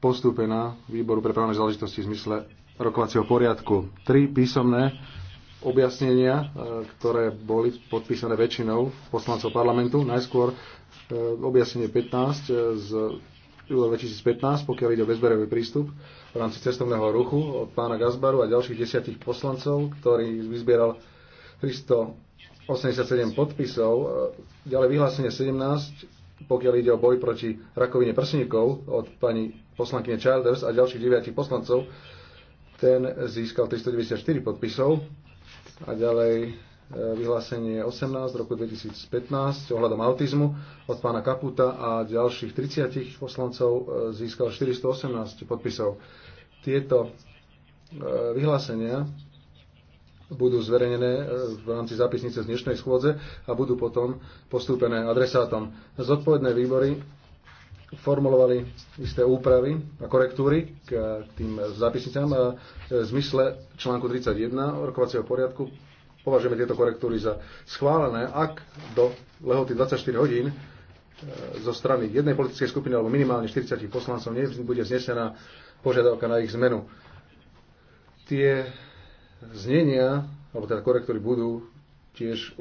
postúpená výboru pre právne záležitosti v zmysle rokovacieho poriadku. Tri písomné objasnenia, e, ktoré boli podpísané väčšinou poslancov parlamentu. Najskôr e, objasnenie 15 e, z júla 2015, pokiaľ ide o bezberový prístup v rámci cestovného ruchu od pána Gazbaru a ďalších desiatich poslancov, ktorý vyzbieral 387 podpisov. Ďalej vyhlásenie 17 pokiaľ ide o boj proti rakovine prsníkov od pani poslankyne Childers a ďalších deviatich poslancov. Ten získal 394 podpisov a ďalej e, vyhlásenie 18 roku 2015 ohľadom autizmu od pána Kaputa a ďalších 30 poslancov e, získal 418 podpisov. Tieto e, vyhlásenia budú zverejnené e, v rámci zápisnice z dnešnej schôdze a budú potom postúpené adresátom. Zodpovedné výbory formulovali isté úpravy a korektúry k tým zápisnicám a v zmysle článku 31 rokovacieho poriadku považujeme tieto korektúry za schválené, ak do lehoty 24 hodín e, zo strany jednej politickej skupiny alebo minimálne 40 poslancov nebude znesená požiadavka na ich zmenu. Tie znenia, alebo teda korektory budú tiež